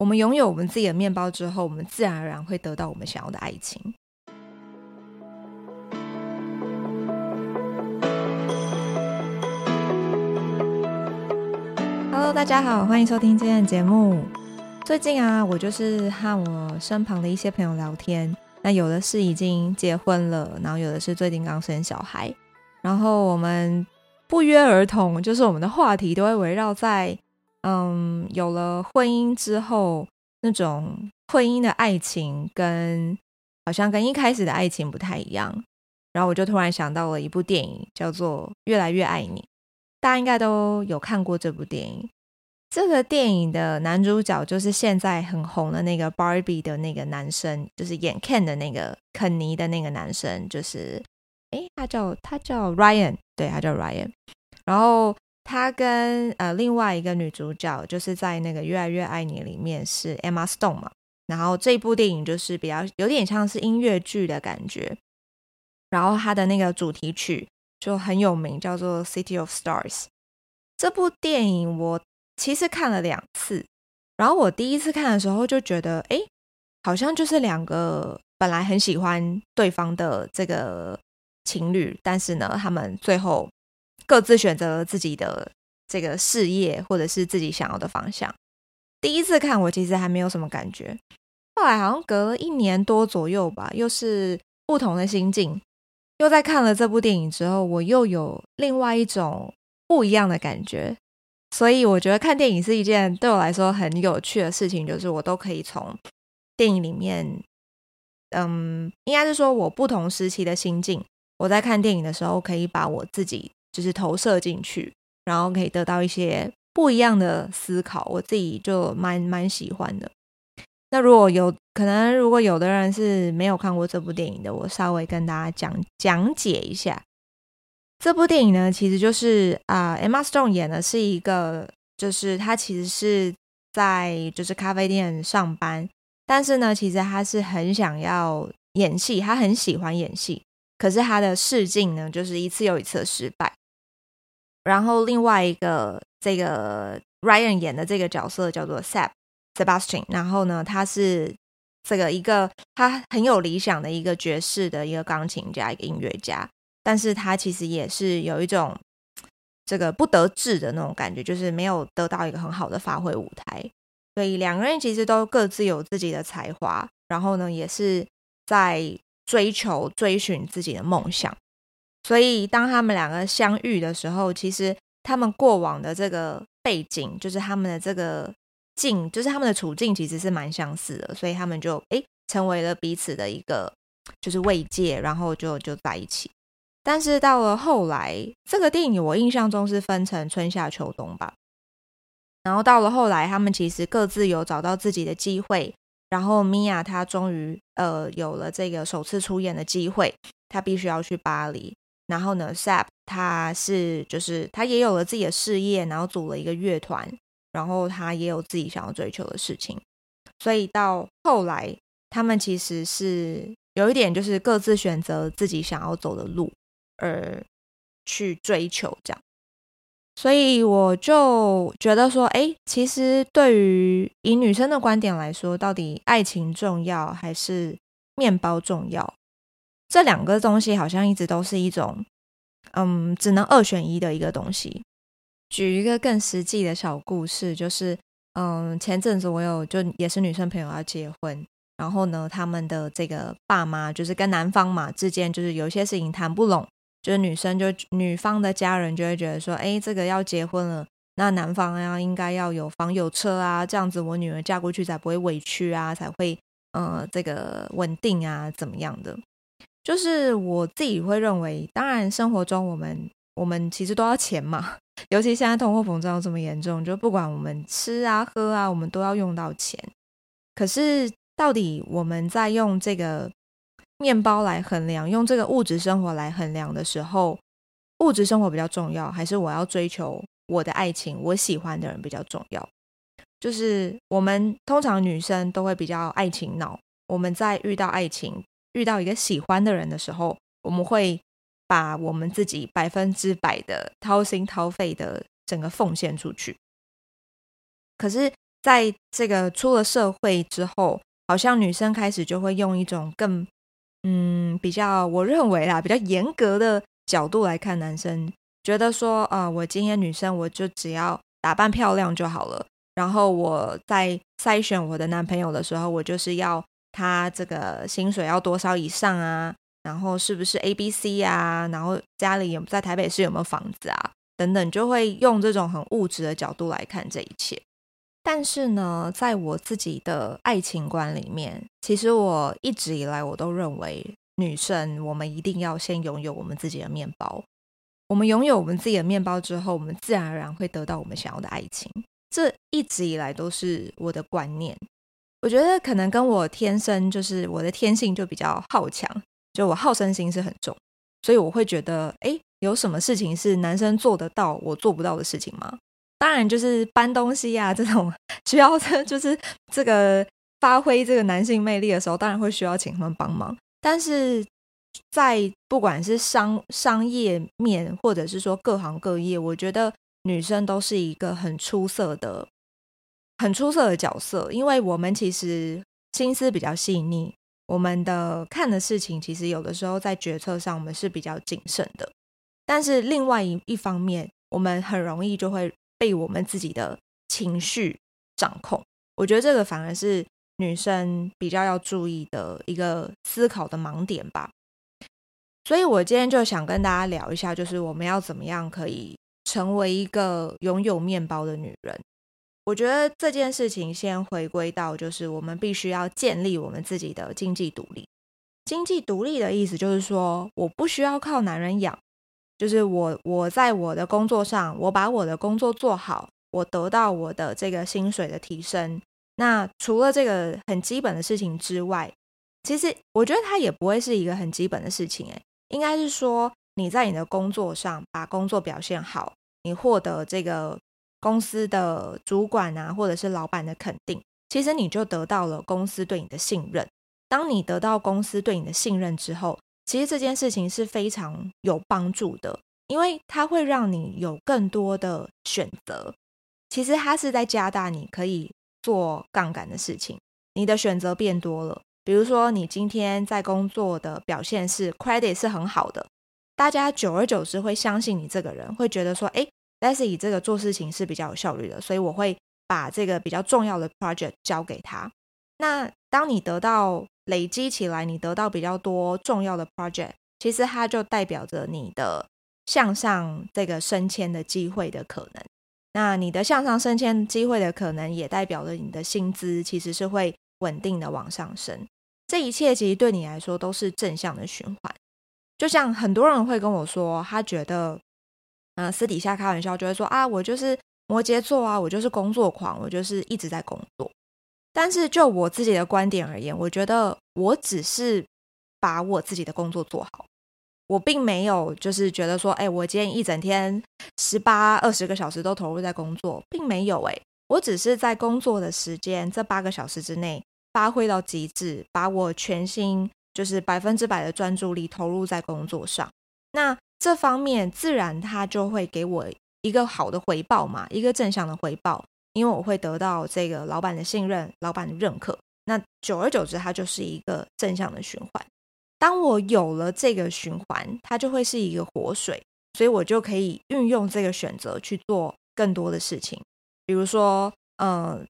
我們擁有我們自己的麵包之後，我們自然而然會得到我們想要的愛情。Hello，大家好，歡迎收聽今天的節目。最近啊，我就是和我身旁的一些朋友聊天，那有的是已經結婚了，然後有的是最近剛生小孩，然後我們不約而同，就是我們的話題都會圍繞在。嗯，有了婚姻之後，那種婚姻的愛情跟好像跟一開始的愛情不太一樣。然後我就突然想到了一部電影，叫做《越來越愛你》，大家應該都有看過這部電影。這個電影的男主角就是現在很紅的那個 Barbie 的那個男生，就是演 Ken 的那個肯尼的那個男生，就是誒，他叫他叫 Ryan，對，他叫 Ryan。然後。他跟呃另外一個女主角，就是在那個《樂來越愛你》裡面是 Emma Stone 嘛。然後這部電影就是比較有點像是音樂劇的感覺，然後它的那個主題曲就很有名，叫做《City of Stars》。這部電影我其實看了兩次，然後我第一次看的時候就覺得，哎，好像就是兩個本來很喜歡對方的這個情侶，但是呢，他們最後。各自選擇了自己的這個事業，或者是自己想要的方向。第一次看，我其實還沒有什麼感覺。後來好像隔了一年多左右吧，又是不同的心境，又在看了這部電影之後，我又有另外一種不一樣的感覺。所以我覺得看電影是一件對我來說很有趣的事情，就是我都可以從電影裡面，嗯，應該是說我不同時期的心境，我在看電影的時候，可以把我自己。就是投射進去，然後可以得到一些不一樣的思考。我自己就蠻蠻喜歡的。那如果有可能，如果有的人是沒有看過這部電影的，我稍微跟大家講講解一下。這部電影呢，其實就是啊，呃，Emma Stone 演的是一個，就是他其實是在就是咖啡店上班，但是呢，其實他是很想要演戲，他很喜歡演戲，可是他的試鏡呢，就是一次又一次失敗。然後另外一個這個 Ryan 演的這個角色叫做 Seb Sebastian，然後呢，他是這個一個他很有理想的一個爵士的一個鋼琴家、一個音樂家，但是他其實也是有一種這個不得志的那種感覺，就是沒有得到一個很好的發揮舞台。所以兩個人其實都各自有自己的才華，然後呢，也是在追求、追尋自己的夢想。所以，當他們兩個相遇的時候，其實他們過往的這個背景，就是他們的這個境，就是他們的處境，其實是蠻相似的。所以，他們就誒成為了彼此的一個就是慰藉，然後就就在一起。但是到了後來，這個電影我印象中是分成春夏秋冬吧。然後到了後來，他們其實各自有找到自己的機會。然後，米婭她終於呃有了這個首次出演的機會，她必須要去巴黎。然後呢，s a p 他是，就是他也有了自己的事業，然後組了一個樂團，然後他也有自己想要追求的事情，所以到後來他們其實是有一點就是各自選擇自己想要走的路而去追求這樣，所以我就覺得說，哎，其實對於以女生的觀點來說，到底愛情重要還是麵包重要？這兩個東西好像一直都是一種，嗯，只能二選一的一個東西。舉一個更實際的小故事，就是，嗯，前陣子我有就也是女生朋友要結婚，然後呢，他們的這個爸媽就是跟男方嘛之間就是有些事情談不攏，就是女生就女方的家人就會覺得說，哎，這個要結婚了，那男方啊應該要有房有車啊，這樣子我女兒嫁過去才不會委屈啊，才會，呃，這個穩定啊，怎麼樣的。就是我自己會認為，當然生活中我們我們其實都要錢嘛，尤其現在通貨膨脹這麼嚴重，就不管我們吃啊喝啊，我們都要用到錢。可是到底我們在用這個麵包來衡量，用這個物質生活來衡量的時候，物質生活比較重要，還是我要追求我的愛情，我喜歡的人比較重要？就是我們通常女生都會比較愛情腦，我們在遇到愛情。遇到一個喜歡的人的時候，我們會把我們自己百分之百的掏心掏肺的整個奉獻出去。可是，在這個出了社會之後，好像女生開始就會用一種更嗯比較，我認為啦，比較嚴格的角度來看男生，覺得說，啊、呃，我今天女生我就只要打扮漂亮就好了。然後我在篩選我的男朋友的時候，我就是要。他這個薪水要多少以上啊？然後是不是 ABC 啊？然後家裡有在台北市有沒有房子啊？等等，就會用這種很物質的角度來看這一切。但是呢，在我自己的愛情觀裡面，其實我一直以來我都認為，女生我們一定要先擁有我們自己的麵包。我們擁有我們自己的麵包之後，我們自然而然會得到我們想要的愛情。這一直以來都是我的觀念。我覺得可能跟我天生就是我的天性就比較好強，就我好勝心是很重，所以我會覺得，誒，有什麼事情是男生做得到我做不到的事情嗎？當然，就是搬東西呀、啊、這種需要，就是這個發揮這個男性魅力的時候，當然會需要請他們幫忙。但是在不管是商商業面，或者是說各行各業，我覺得女生都是一個很出色的。很出色的角色，因為我們其實心思比較細膩，我們的看的事情，其實有的時候在決策上我們是比較謹慎的，但是另外一一方面，我們很容易就會被我們自己的情緒掌控。我覺得這個反而是女生比較要注意的一個思考的盲點吧。所以我今天就想跟大家聊一下，就是我們要怎麼樣可以成為一個擁有麵包的女人。我覺得這件事情先回歸到，就是我們必須要建立我們自己的經濟獨立。經濟獨立的意思就是說，我不需要靠男人養，就是我我在我的工作上，我把我的工作做好，我得到我的這個薪水的提升。那除了這個很基本的事情之外，其實我覺得它也不會是一個很基本的事情，誒，應該是說你在你的工作上把工作表現好，你獲得這個。公司的主管啊，或者是老闆的肯定，其實你就得到了公司對你的信任。當你得到公司對你的信任之後，其實這件事情是非常有幫助的，因為它會讓你有更多的選擇。其實它是在加大你可以做槓桿的事情，你的選擇變多了。比如說，你今天在工作的表現是 credit 是很好的，大家久而久之會相信你這個人，會覺得說，誒。但是以這個做事情是比較有效率的，所以我會把這個比較重要的 project 交給他。那當你得到累積起來，你得到比較多重要的 project，其實它就代表着你的向上這個升遷的機會的可能。那你的向上升遷機會的可能，也代表了你的薪資其實是會穩定的往上升。這一切其實對你來說都是正向的循環。就像很多人會跟我說，他覺得。啊、呃，私底下開玩笑就會說啊，我就是摩羯座啊，我就是工作狂，我就是一直在工作。但是就我自己的觀點而言，我覺得我只是把我自己的工作做好，我並沒有就是覺得說，哎、欸，我今天一整天十八二十個小時都投入在工作，並沒有、欸，哎，我只是在工作的時間這八個小時之內發揮到極致，把我全心就是百分之百的專注力投入在工作上。那。這方面自然它就會給我一個好的回報嘛，一個正向的回報，因為我會得到這個老板的信任、老板的認可。那久而久之，它就是一個正向的循環。當我有了這個循環，它就會是一個活水，所以我就可以運用這個選擇去做更多的事情。比如說，嗯、呃，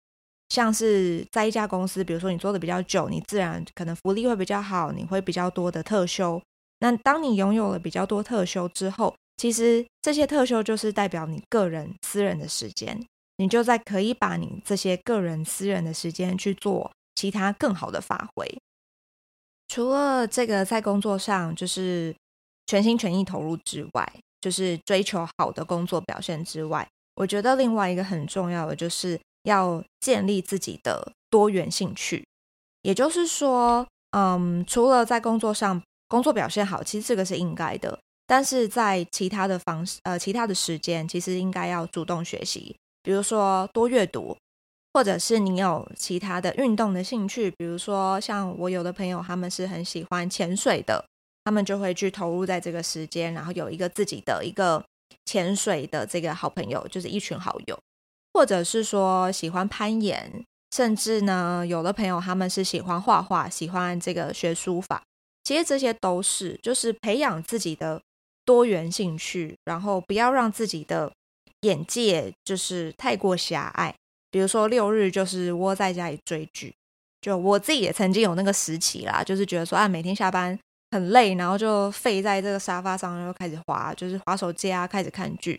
像是在一家公司，比如說你做的比較久，你自然可能福利會比較好，你會比較多的特休。那當你擁有了比較多特休之後，其實這些特休就是代表你個人私人的時間，你就在可以把你這些個人私人的時間去做其他更好的發揮。除了這個在工作上就是全心全意投入之外，就是追求好的工作表現之外，我覺得另外一個很重要的就是要建立自己的多元興趣。也就是說，嗯，除了在工作上。工作表現好，其實這個是應該的。但是在其他的方式，呃，其他的時間，其實應該要主動學習，比如說多閱讀，或者是你有其他的運動的興趣，比如說像我有的朋友，他們是很喜歡潛水的，他們就會去投入在這個時間，然後有一個自己的一個潛水的這個好朋友，就是一群好友，或者是說喜歡攀岩，甚至呢，有的朋友他們是喜歡畫畫，喜歡這個學書法。其實這些都是，就是培養自己的多元興趣，然後不要讓自己的眼界就是太過狹隘。比如說六日就是窩在家裡追劇，就我自己也曾經有那個時期啦，就是覺得說啊，每天下班很累，然後就廢在這個沙發上，就開始滑，就是滑手機啊，開始看劇。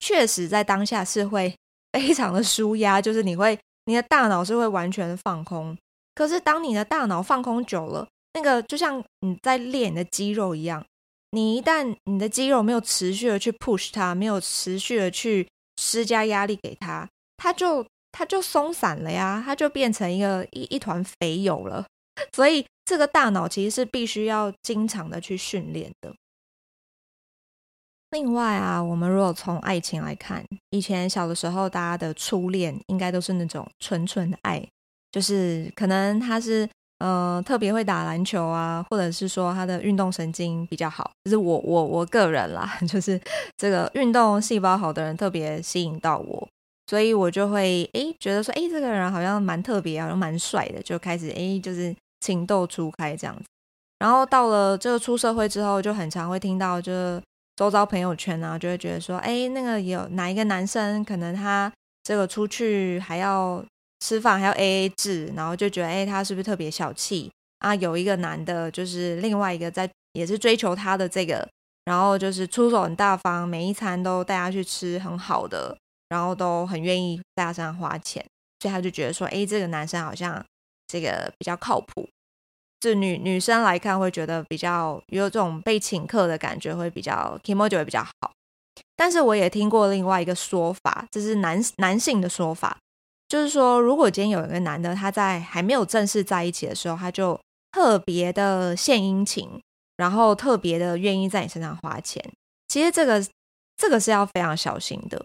確實在當下是會非常的舒壓，就是你會你的大腦是會完全放空。可是當你的大腦放空久了，那個就像你在練你的肌肉一樣，你一旦你的肌肉沒有持續的去 push 它，沒有持續的去施加壓力給它，它就它就鬆散了呀，它就變成一個一一團肥油了。所以這個大腦其實是必須要經常的去訓練的。另外啊，我們如果從愛情來看，以前小的時候大家的初戀應該都是那種純純的愛，就是可能他是。呃，特別會打籃球啊，或者是說他的運動神經比較好，就是我我我個人啦，就是這個運動細胞好的人特別吸引到我，所以我就會哎、欸、覺得說哎、欸、這個人好像蠻特別，又蠻帥的，就開始哎、欸、就是情竇初開這樣子。然後到了這個出社會之後，就很常會聽到，就是周遭朋友圈啊，就會覺得說哎、欸、那個有哪一個男生，可能他這個出去還要。吃飯還要 AA 制，然後就覺得哎，他是不是特別小氣啊？有一個男的，就是另外一個在也是追求他的這個，然後就是出手很大方，每一餐都帶他去吃很好的，然後都很願意帶他身上花錢，所以他就覺得說，哎，這個男生好像這個比較靠譜。就女女生來看，會覺得比較有這種被請客的感覺，會比較 Kimono 會比較好。但是我也聽過另外一個說法，這是男男性的說法。就是說，如果今天有一個男的，他在還沒有正式在一起的時候，他就特別的獻殷勤，然後特別的願意在你身上花錢。其實，這個這個是要非常小心的，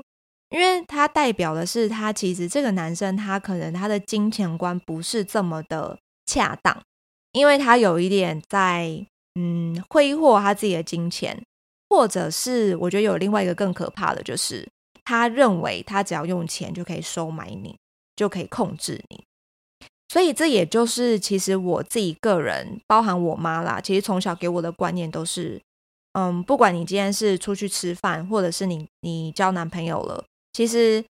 因為他代表的是他其實這個男生他可能他的金錢觀不是這麼的恰當，因為他有一點在嗯，揮霍他自己的金錢，或者是我覺得有另外一個更可怕的就是他認為他只要用錢就可以收買你。就可以控制你，所以這也就是其實我自己個人，包含我媽啦。其實從小給我的觀念都是，嗯，不管你今天是出去吃飯，或者是你你交男朋友了，其實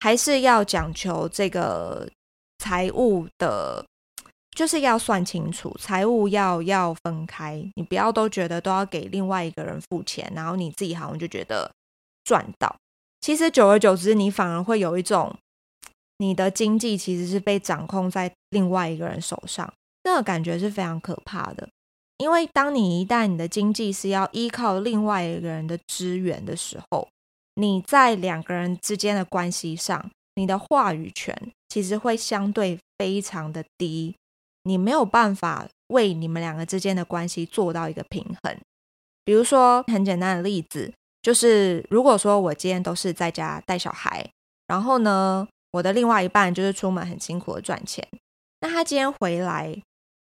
還是要講求這個財務的，就是要算清楚，財務要要分開，你不要都覺得都要給另外一個人付錢，然後你自己好像就覺得賺到，其實久而久之，你反而會有一種。你的經濟其實是被掌控在另外一個人手上，那個感覺是非常可怕的。因為當你一旦你的經濟是要依靠另外一個人的資源的時候，你在兩個人之間的關係上，你的話語權其實會相對非常的低，你沒有辦法為你們兩個之間的關係做到一個平衡。比如說，很簡單的例子就是，如果說我今天都是在家帶小孩，然後呢，我的另外一半就是出門很辛苦的賺錢，那他今天回來，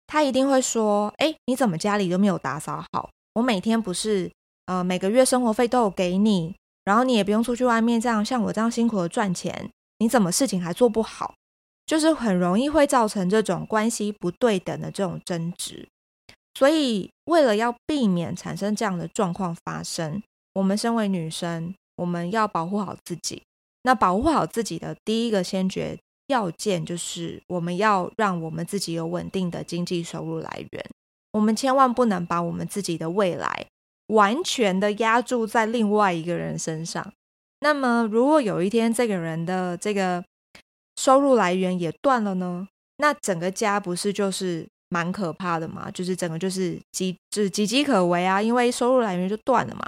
他一定會說：“哎，你怎麼家裡都沒有打掃好？我每天不是呃每個月生活費都有給你，然後你也不用出去外面這樣像我這樣辛苦的賺錢，你怎麼事情還做不好？就是很容易會造成這種關係不對等的這種爭執。所以，為了要避免產生這樣的狀況發生，我們身為女生，我們要保護好自己。”那保護好自己的第一個先決要件就是，我們要讓我們自己有穩定的經濟收入來源。我們千萬不能把我們自己的未來完全的押注在另外一個人身上。那麼，如果有一天這個人的這個收入來源也斷了呢？那整個家不是就是蠻可怕的嗎？就是整個就是岌岌岌岌可危啊，因為收入來源就斷了嘛。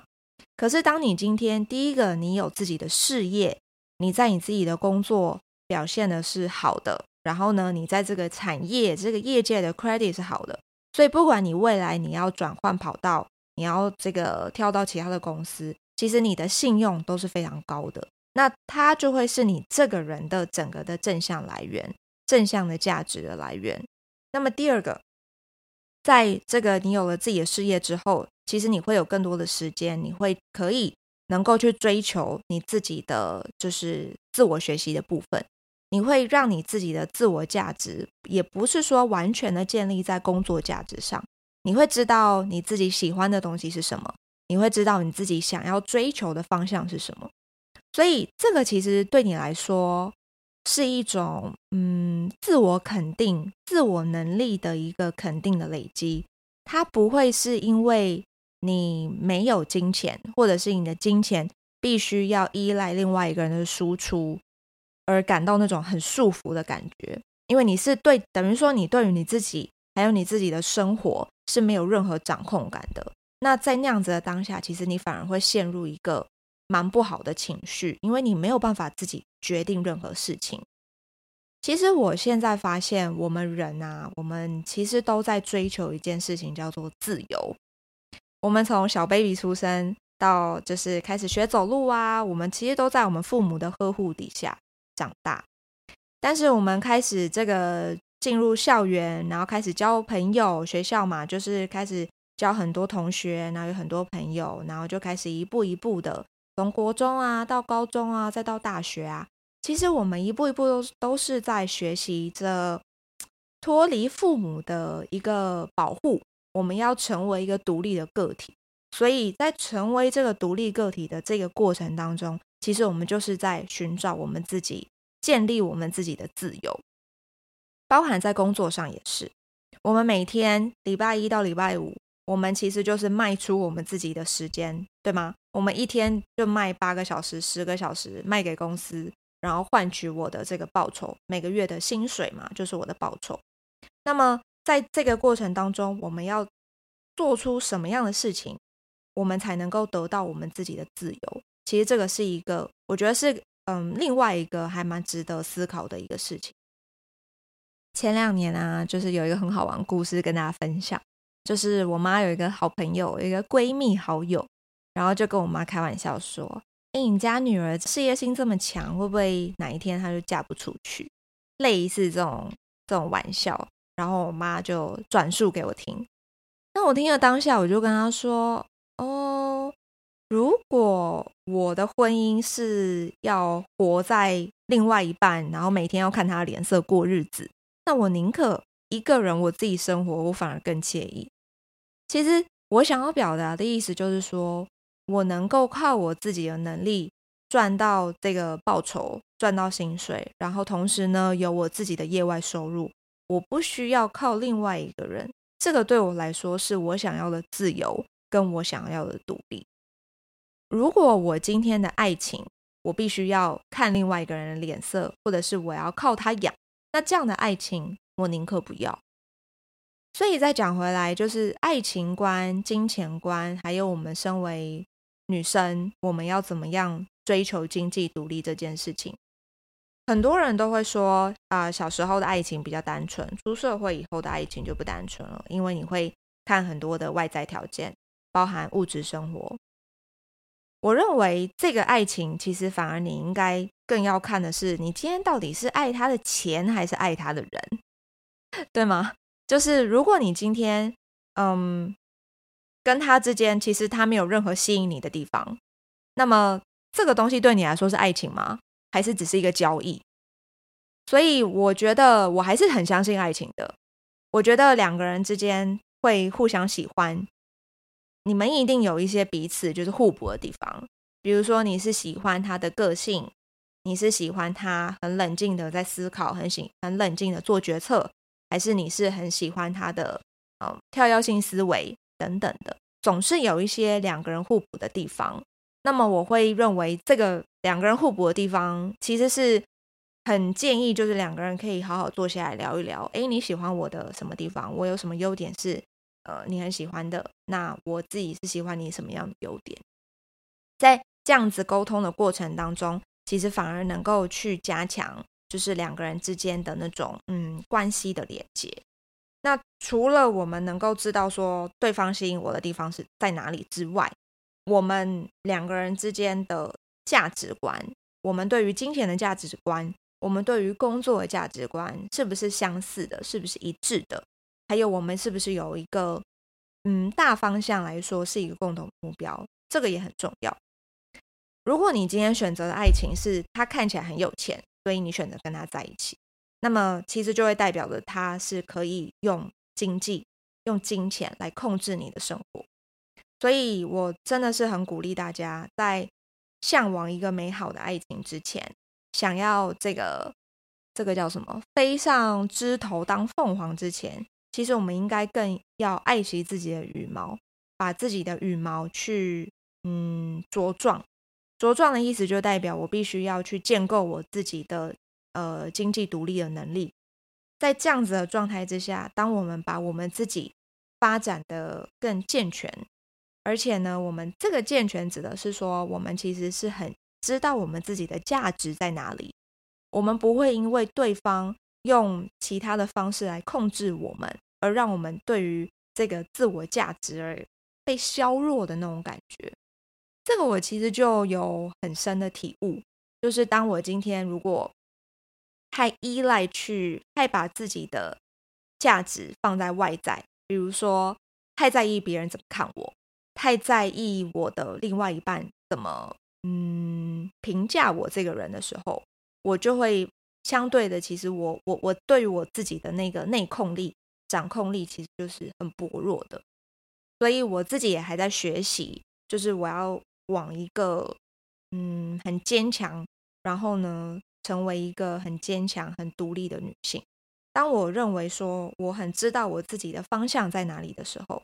可是，當你今天第一個你有自己的事業，你在你自己的工作表現的是好的，然後呢，你在這個產業、這個業界的 credit 是好的，所以不管你未來你要轉換跑道，你要這個跳到其他的公司，其實你的信用都是非常高的，那它就會是你這個人的整個的正向來源，正向的價值的來源。那麼第二個，在這個你有了自己的事業之後，其實你會有更多的時間，你會可以。能夠去追求你自己的，就是自我學習的部分。你會讓你自己的自我價值，也不是說完全的建立在工作價值上。你會知道你自己喜歡的東西是什麼，你會知道你自己想要追求的方向是什麼。所以，這個其實對你來說是一種，嗯，自我肯定、自我能力的一個肯定的累積。它不會是因為。你沒有金錢，或者是你的金錢必須要依賴另外一個人的輸出，而感到那種很束縛的感覺，因為你是對，等於說你對於你自己，還有你自己的生活，是沒有任何掌控感的。那在那樣子的當下，其實你反而會陷入一個蠻不好的情緒，因為你沒有辦法自己決定任何事情。其實我現在發現，我們人啊，我們其實都在追求一件事情，叫做自由。我們從小 baby 出生到就是開始學走路啊，我們其實都在我們父母的呵護底下長大。但是我們開始這個進入校園，然後開始交朋友，學校嘛，就是開始交很多同學，然後有很多朋友，然後就開始一步一步的從國中啊到高中啊再到大學啊，其實我們一步一步都都是在學習着脫離父母的一個保護。我們要成為一個獨立的個體，所以在成為這個獨立個體的這個過程當中，其實我們就是在尋找我們自己，建立我們自己的自由，包含在工作上也是。我們每天禮拜一到禮拜五，我們其實就是賣出我們自己的時間，對嗎？我們一天就賣八個小時、十個小時，賣給公司，然後換取我的這個報酬，每個月的薪水嘛，就是我的報酬。那麼。在這個過程當中，我們要做出什麼樣的事情，我們才能夠得到我們自己的自由？其實這個是一個，我覺得是嗯，另外一個還蠻值得思考的一個事情。前兩年啊，就是有一個很好玩的故事跟大家分享，就是我媽有一個好朋友，一個閨蜜好友，然後就跟我媽開玩笑說：“哎，你家女兒事業心這麼強，會不會哪一天她就嫁不出去？”類似這種這種玩笑。然後我媽就轉述給我聽，那我聽了當下，我就跟她說：“哦，如果我的婚姻是要活在另外一半，然後每天要看她的臉色過日子，那我寧可一個人我自己生活，我反而更愜意。其實我想要表達的意思就是說，我能夠靠我自己的能力賺到這個報酬，賺到薪水，然後同時呢，有我自己的業外收入。”我不需要靠另外一個人，這個對我來說是我想要的自由，跟我想要的獨立。如果我今天的愛情，我必須要看另外一個人的臉色，或者是我要靠他養，那這樣的愛情我寧可不要。所以再講回來，就是愛情觀、金錢觀，還有我們身為女生，我們要怎麼樣追求經濟獨立這件事情。很多人都會說，啊、呃，小時候的愛情比較單純，出社會以後的愛情就不單純了，因為你會看很多的外在條件，包含物質生活。我認為這個愛情其實反而你應該更要看的是，你今天到底是愛他的錢還是愛他的人，對嗎？就是如果你今天，嗯，跟他之間其實他沒有任何吸引你的地方，那麼這個東西對你來說是愛情嗎？還是只是一個交易，所以我覺得我還是很相信愛情的。我覺得兩個人之間會互相喜歡，你們一定有一些彼此就是互補的地方。比如說，你是喜歡他的個性，你是喜歡他很冷靜的在思考，很喜很冷靜的做決策，還是你是很喜歡他的嗯跳躍性思維等等的，總是有一些兩個人互補的地方。那麼我會認為，這個兩個人互補的地方，其實是很建議，就是兩個人可以好好坐下來聊一聊。誒，你喜歡我的什麼地方？我有什麼優點是呃你很喜歡的？那我自己是喜歡你什麼樣的優點？在這樣子溝通的過程當中，其實反而能夠去加強，就是兩個人之間的那種嗯關係的連接。那除了我們能夠知道說對方吸引我的地方是在哪裡之外，我們兩個人之間的價值觀，我們對於金錢的價值觀，我們對於工作的價值觀，是不是相似的？是不是一致的？還有我們是不是有一個嗯大方向來說是一個共同目標？這個也很重要。如果你今天選擇的愛情是他看起來很有錢，所以你選擇跟他在一起，那麼其實就會代表着他是可以用經濟、用金錢來控制你的生活。所以，我真的是很鼓勵大家，在嚮往一個美好的愛情之前，想要這個這個叫什麼，飛上枝頭當鳳凰之前，其實我們應該更要愛惜自己的羽毛，把自己的羽毛去嗯茁壯。茁壯的意思就代表我必須要去建構我自己的呃經濟獨立的能力。在這樣子的狀態之下，當我們把我們自己發展得更健全。而且呢，我們這個健全指的是說，我們其實是很知道我們自己的價值在哪裡，我們不會因為對方用其他的方式來控制我們，而讓我們對於這個自我價值而被削弱的那種感覺。這個我其實就有很深的體悟，就是當我今天如果太依賴去，太把自己的價值放在外在，比如說太在意別人怎麼看我。太在意我的另外一半怎麼嗯評價我這個人的時候，我就會相對的，其實我我我對於我自己的那個內控力、掌控力其實就是很薄弱的，所以我自己也還在學習，就是我要往一個嗯很堅強，然後呢成為一個很堅強、很獨立的女性。當我認為說我很知道我自己的方向在哪裡的時候。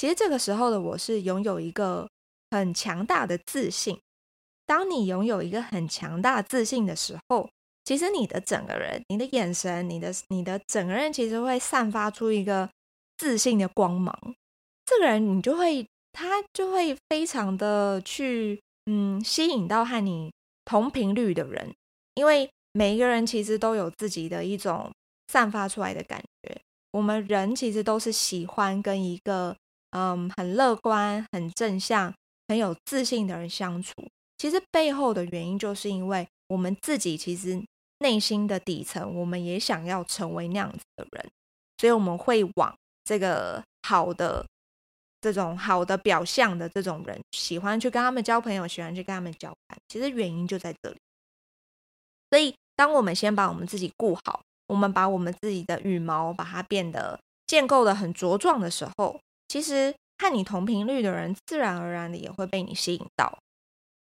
其實這個時候的我是擁有一個很強大的自信。當你擁有一個很強大的自信的時候，其實你的整個人、你的眼神、你的你的整個人，其實會散發出一個自信的光芒。這個人你就會，他就會非常的去嗯吸引到和你同頻率的人，因為每一個人其實都有自己的一種散發出來的感覺。我們人其實都是喜歡跟一個。嗯，很樂觀、很正向、很有自信的人相處，其實背後的原因，就是因為我們自己其實內心的底層，我們也想要成為那樣子的人，所以我們會往這個好的、這種好的表象的這種人，喜歡去跟他們交朋友，喜歡去跟他們交談。其實原因就在這裡。所以，當我們先把我們自己顧好，我們把我們自己的羽毛把它變得建構得很茁壯的時候。其實和你同頻率的人，自然而然的也會被你吸引到。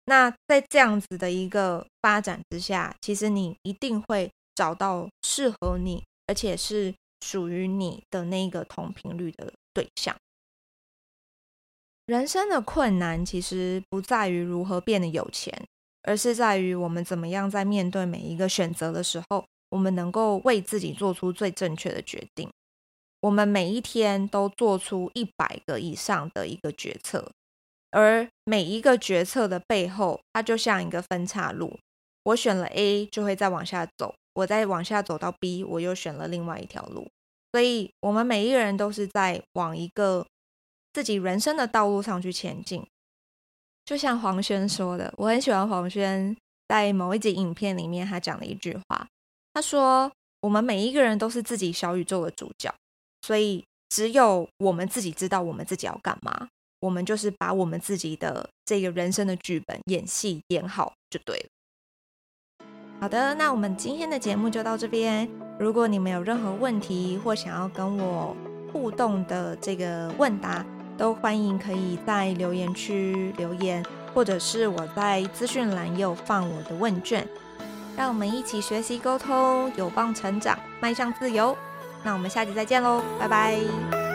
那在這樣子的一個發展之下，其實你一定會找到適合你，而且是屬於你的那一個同頻率的對象。人生的困難其實不在於如何變得有錢，而是在於我們怎麼樣在面對每一個選擇的時候，我們能夠為自己做出最正確的決定。我們每一天都做出一百個以上的一個決策，而每一個決策的背後，它就像一個分岔路。我選了 A，就會再往下走；我再往下走到 B，我又選了另外一條路。所以，我們每一個人都是在往一個自己人生的道路上去前進。就像黃軒說的，我很喜歡黃軒在某一集影片裡面他講的一句話，他說：“我們每一個人都是自己小宇宙的主角。”所以，只有我們自己知道我們自己要幹嘛。我們就是把我們自己的這個人生的劇本演戲演好就對了。好的，那我們今天的節目就到這邊。如果你們有任何問題或想要跟我互動的這個問答，都歡迎可以在留言區留言，或者是我在資訊欄有放我的問卷。讓我們一起學習溝通，有棒成長，邁向自由。那我們下期再見嘍，拜拜。